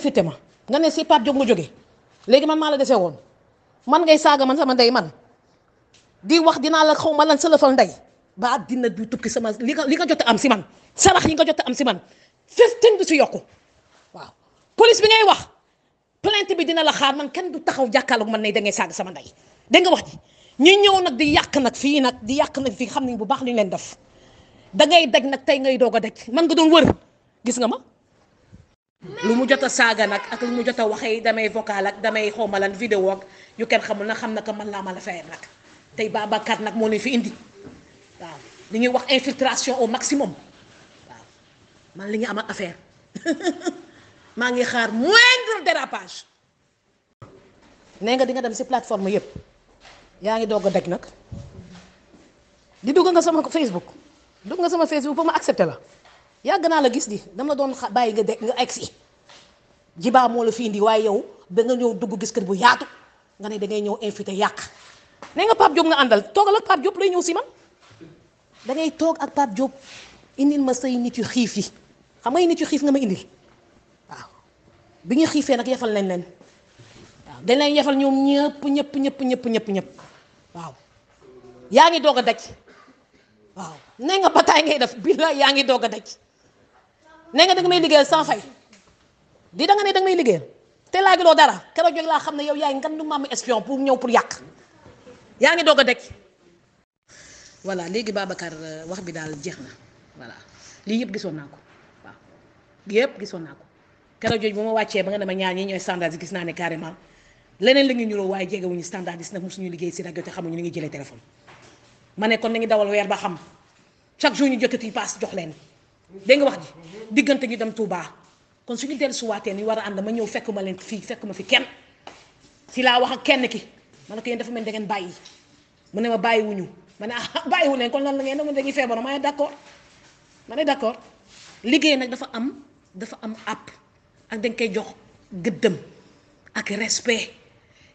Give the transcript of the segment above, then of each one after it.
invité ma nga ne ci pat Diop djogé légui man mala déssé won man ngay saga man sama ndey man di wax dina la xawma ma lan sëlëfal ndey ba àddina bi tukki sama li nga li nga jot am ci man sarax yi nga jotté am ci man fifteen du si yokku waaw police bi ngay wax plainte bi dina la xaar man kenn du taxaw jàkkaarloog man ne da ngay saga sama ndey da nga wax ñi ñëw nak di yak nak fi nak di yak nak fi xamni bu baax li ñu def da ngay daj nak tay ngay doga daj man nga doon wër gis nga ma lu mu jot a saaga nag ak lu mu jot a waxee damay vocal ak damay xoomalan vidéo ak yu kenn xamul na xam na ko man laa ma la nag tey Babacar nag moo leen fi indi waaw li ñuy wax infiltration au maximum waaw man li nga am ak affaire maa ngi xaar moindre dérapage. nee nga di nga dem si plateforme yëpp yaa ngi dogg a daj nag di dugg nga sama Facebook dugg nga sama Facebook ba ma accepté la. yàgg naa la gis di dama la doon bàyyi nga de nga egg si jibaa moo la fi indi waaye yow da nga ñëw dugg gis kër bu yaatu nga ne dangay ngay ñëw invité yàq nee nga Pape nga àndal toogal ak Pape Diop lay ñëw si man toog ak Pape Diop indil ma say nit yu yi xam nga nit yu xiif nga ma indil xiifee nag yefal nañ leen waaw dañ leen ñëpp ñëpp ñëpp ñëpp ñëpp ñëpp ngi doog a daj waaw nee nga bataay ngay def billaay yaa ngi doog a daj. nee nga da may liggéeyal sans fay di da nga ne da nga may liggéeyal te laajuloo dara keroog laa xam ne yow yaay ngandu maamu espion pour ñëw pour yàq yaa ngi doog a dekk voilà léegi Babacar euh, wax bi daal jeex na voilà lii yëpp gisoon naa ko waaw yëpp gisoon naa ko keroog jooju bu ma wàccee ba nga dama ñaar ñi ñooy standard gis naa ne carrément leneen la ngi ñuroo waaye jegewuñu standard yi nag mosuñu liggéey si rajo te xamuñu ni ngi jëlee téléphone ma ne kon nañu weer ba xam chaque jour ñu jokkati paas jox leen dégg nga wax di diggante ñu dem Touba kon suñu del su waté ni war a ànd ma ñëw fekkuma leen fii fekkuma fi kenn ci la wax ak kenn ki ma ko yeen dafa mel da ngeen bàyyi mu ma bayyi wuñu mané ah, ah, bayyi wu leen kon lan la ngeen dama dañuy febar ma d'accord mané d'accord liggéey nak dafa am dafa am app ak dañ koy jox gëddëm ak respect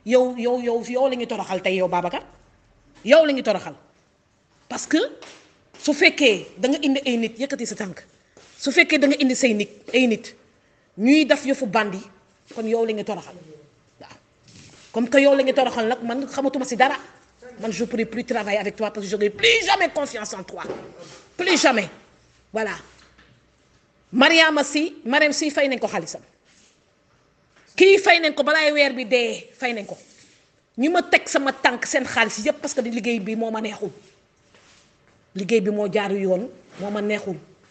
yow yow yow yow la ñu toroxal tay yow babakar yow la ñu toroxal parce que su fekkee da nga indi ay nit yëkkati sa tànk su fekkee da nga indi say nit ay nit ñuy def yëfu bandi kon yow la ngi toroxal waaw comme que yow la ngi toroxal nag man xamatuma si dara man je pourrai plus travailler avec toi parce que j'aurai plus jamais confiance en toi plus jamais voilà Mariama si Mariam si fay nañ ko xaalisam kii fay nañ ko balaay weer bi dee fay nañ ko ñu ma teg sama tànk seen xaalis yépp parce que liggéey bi moo ma neexul liggéey bi moo jaaru yoon moo ma neexul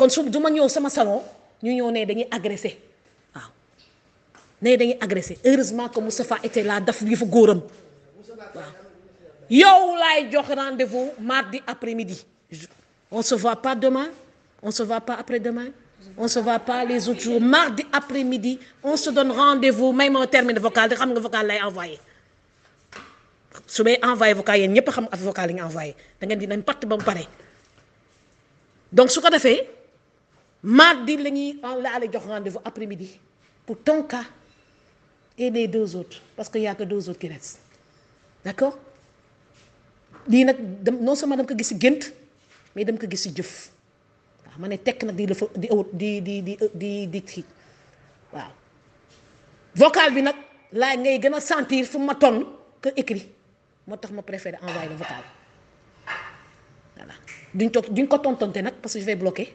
kon su du ñëw sama salon ñu ñëw ne dañuy agressé waaw ne dañuy agressé heureusement que Moustapha était là daf yëfu góoram waaw yow lay jox rendez-vous mardi après-midi on se voit pas demain on se voit pas après-demain on se voit pas les autres jours mardi après-midi on se donne rendez-vous même en de vocal de xam nga vocal lay envoyé su may envoyé vocal yéen xam vocal la ñu envoyé da ngeen di nañ patt ba mu pare donc su ko fait, Mardi, on allait jox rendez-vous après-midi pour ton cas et les deux autres, parce qu'il n'y a que deux autres qui restent. D'accord Non seulement je suis gent, mais je l'ai vu jëf. Je l'ai vu di di di di tri. Waaw. Vocal bi nak la ngay gëna sentir fu ma ton que écrit. Motax ma préfère envoyer le vocal. Voilà. Duñ tok ko nak parce que je vais bloquer.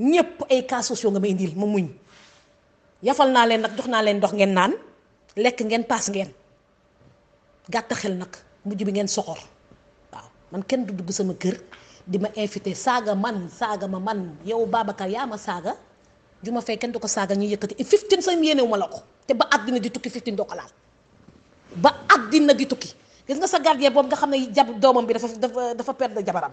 ñepp ay cas sociaux nga may indil ma muñ yafal na len nak jox na len pasgen ngeen nan lek ngeen pass ngeen gatt xel nak mujj bi ngeen soxor man kenn du dugg sama kër di ma saga man saga ma man yow babaka ya ma saga juma ma kenn du ko ñu yëkëti 15 sam yene wu la te ba adina di tukki 15 do ko laal ba adina di tukki gis nga sa gardien bob nga xamne jab doomam bi dafa dafa perdre jabaram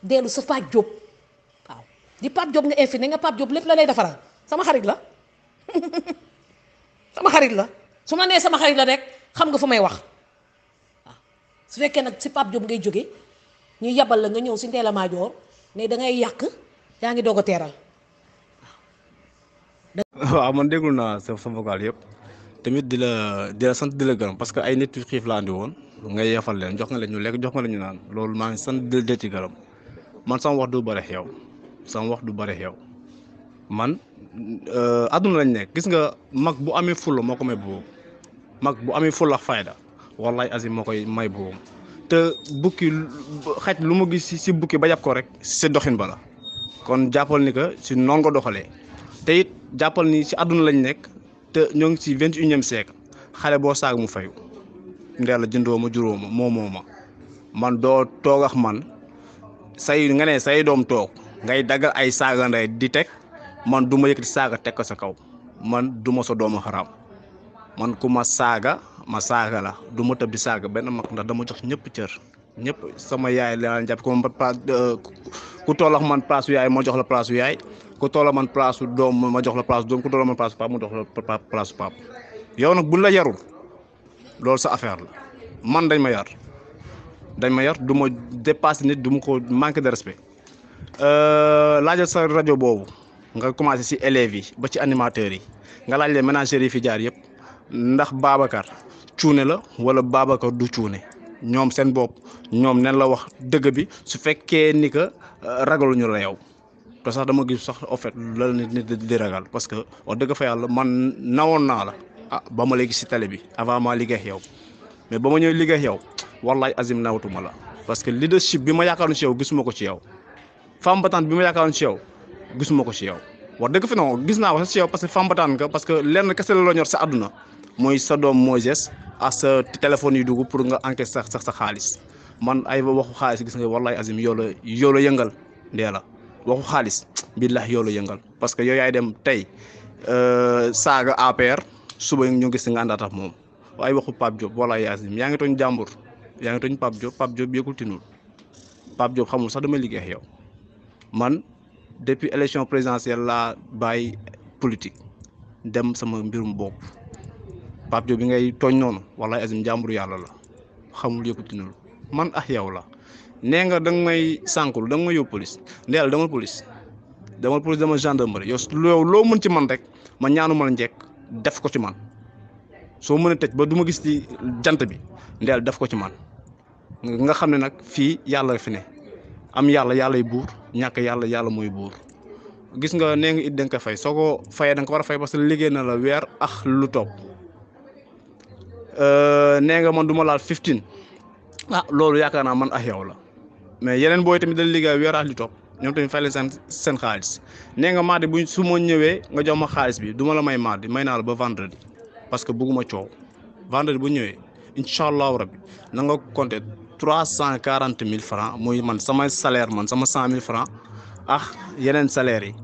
dellu sa Pape Diop waaw di Pape Diop nga infini nga Pape job lépp la lay defaral sama xarit la sama xarit la su ma nee sama xarit la rek xam nga fu may wax waaw su fekkee nag si Pape Diop ngay jóge ñu yabal la nga ñëw si Ndella Madior ne da ngay yàq yaa ngi doog ko teeral waaw man déglu naa sa vocal yëpp tamit di la di la sant di la gërëm parce que ay nit yu xiif laa andi woon nga yeefal leen jox nga leen ñu lekk jox nga leen ñu naan loolu maa ngi sant di la ci gërëm man sama wax du bëre yow sama wax du bëre yow man adduna euh, lañ nekk gis nga mag bu amee fulla moo ko may boobu mag bu amee fulla fayda wallaay azim moo koy may boobu te bukki xaj lu ma gis si bukki ba jàpp ko rek si doxin ba la kon jàppal ni que si noonu nga doxalee te jàppal ni si adduna lañ nekk te ñoo ngi si vingt et unième siècle xale boo saag mu fayu ndeel la ma juróoma moomoo ma man doo toogax man say nga ne say dom tok ngay dagal ay saga nday di tek man duma ma saga tek ko sa kaw man duma so dom haram man ku ma ma saga la duma ma di saaga ndax dama jox ñepp cieur ñepp sama yaay laa japp ko man pa ku tolox man place yaay mo jox la place yaay ku tolox man place dom ma jox la place dom ku tolox man place pap ma jox la place pap yow nak bu la yarul lol sa affaire la man dañ ma yar dañ ma yar du ma dépassé nit du ma ko manque de respect euh, laajal sa rajo boobu nga commencé ci élèves yi ba ci animateurs yi nga laaj leen ménagères yi fi jaar yëpp ndax Babacar cuune la wala Babacar du cuune ñoom seen bopp ñoom nen la wax dëgg bi su fekkee ni que euh, ragaluñu la yow te sax dama gis sax en fait la nit nit di ragal parce que o dëgg fa yàlla man nawoon naa la ah ba ma léegi ci télé bi avant maa liggéey yow. mais ba ma ñëw liggéey yow wallaay azim nawatuma la parce que leadership bi ma yaakaaroon ci yow gisuma ko ci yow femme bi ma yaakaaroon ci yow gisuma ko ci yow wax dëgg fi non gis naa ko ci yow parce que femme battante nga parce que lenn kese la la ñor sa àdduna mooy sa doom Moïse ak sa téléphone yi dugg pour nga enquête sax sax sa xaalis man ay waxu xaalis gis nga wallaay azim yoo la yoo la yëngal ndee la waxu xaalis billahi yoo la yëngal parce que yow yaay dem tey euh, saaga APR suba ñu gis nga àndaat ak moom. ay waxu Pape Diop wala Yacine yaa ngi tooñ jàmbur yaa ngi tooñ Pape Diop Pape Diop yëgul tinul Pape xamul sax dama liggéey ak yow man depuis élection présidentielle laa bàyyi politique dem sama mbirum bopp Pape Diop bi ngay tooñ noonu wala Yacine jàmbur yàlla la xamul yëgul tinul man ah yow la nee nga danga may sànkul danga may yóbbu police ndeel dama police dama police dama gendarmerie yow loo mën ci man rek ma ñaanu ma la def ko ci man. soo mënee a tëj ba duma gis ci jant bi ndeel def ko ci man nga xam ne nag fii yàlla fi ne am yàlla yàlla yàllay buur ñàkk yàlla yàlla mooy buur gis nga nee nga it da nga ko fay soo ko fayee da war a fay parce que liggéey na la weer ak lu topp euh, nee nga man du ma laal 15 ah, loolu yaakaar naa man ak yow la mais yeneen booy tamit dañ liggéey weer ak lu ñoom tamit fay leen seen xaalis nee nga mardi bu su ma ñëwee nga jox ma xaalis bi duma la may mardi may naa la ba vendredi. parce que bëgguma coow vendredi bu ñëwee incha allahu rabbi na nga compter trois cent quarante mille francs muy man sama salaire man sama cent mille ah yeneen salaire yi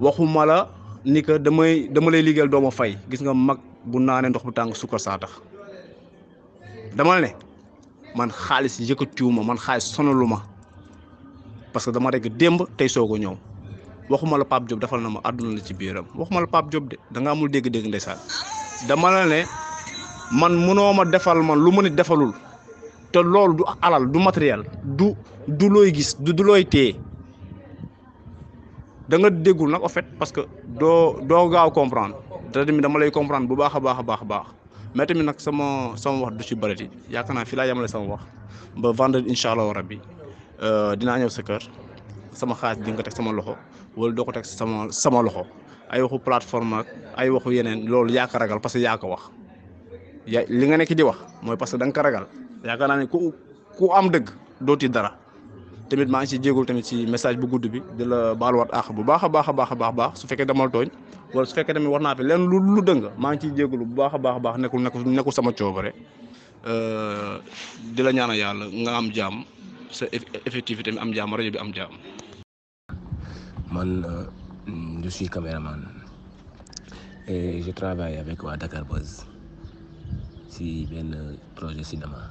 waxuma la ni que damay dama lay liggéeyal dooma fay gis nga mag bu naanee ndox bu tàng sukkar saa tax dama ne man xaalis yëkkatiwuma man xaalis sonaluma parce que dama rek démb tey soog a ñëw waxuma la Pape Diop defal na ma àdduna la ci biiram waxuma la Pape Diop da nga amul dégg-dégg ndeysaan dama la ne man mënoo ma defal man lu ma defalul te loolu du alal du matériel du du looy gis du du looy téye da nga déggul nag en fait parce que doo doo gaaw comprendre te tamit dama lay comprendre bu baax a baax a baax a baax mais tamit nag sama sama wax du ci bëreeti yaakaar naa fii laa yemale sama wax ba vendredi incha allahu rabbi euh, dinaa ñëw sa kër sama xaalis di nga teg sama loxo wala doo ko teg sama sama loxo. ay waxu plateforme ak ay waxu yenen lolou yaaka ragal parce que yaaka wax ya li nga nek di wax moy parce que dang ka ko ragal yaaka na ku ku am deug doti dara tamit ma ci jéegul tamit ci message bu gudd bi di la wat àq bu baakha baakha baakha baakh baakh su fekke damal togn wala su fekke tamit warna fi len lu lu deung ma ci ciy bu baakha baakha baakh nekul nekul nekul sama ciobare euh di la ñaanal yalla nga am jam sa effectivité am jam, rajo bi am jam, man. Mm, je suis caméraman et je travaille avec waa Dakar Buzz projet cinéma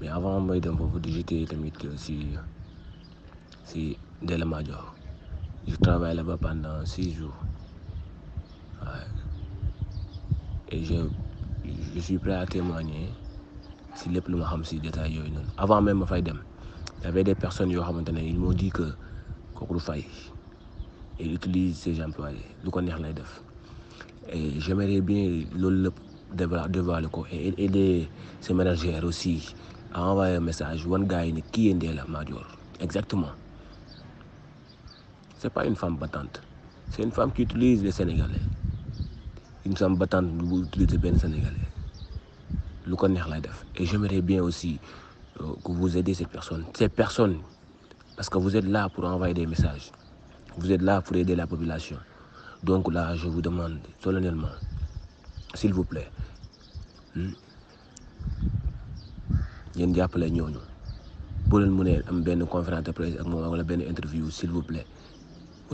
mais avant je dem foofu di jeter tamit si de la je travaille là-bas pendant six jours et je je suis prêt à témoigner si les plus avant même il y avait des personnes qui m'ont dit que je du et il utilise ses employés lu et j'aimerais bien que devoir le et aider ses managers aussi à envoyer un message wan Ce qui la exactement c'est pas une femme battante c'est une femme qui utilise les Sénégalais une femme battante utilisez utilise les Sénégalais et j'aimerais bien aussi euh, que vous aidiez ces personnes. ces personnes parce que vous êtes là pour envoyer des messages vous êtes là pour aider la population. Donc là, je vous demande solennellement, s'il vous plaît, hmm, ngeen jàppale ñooñu boo leen une une conférence de presse interview s'il vous plaît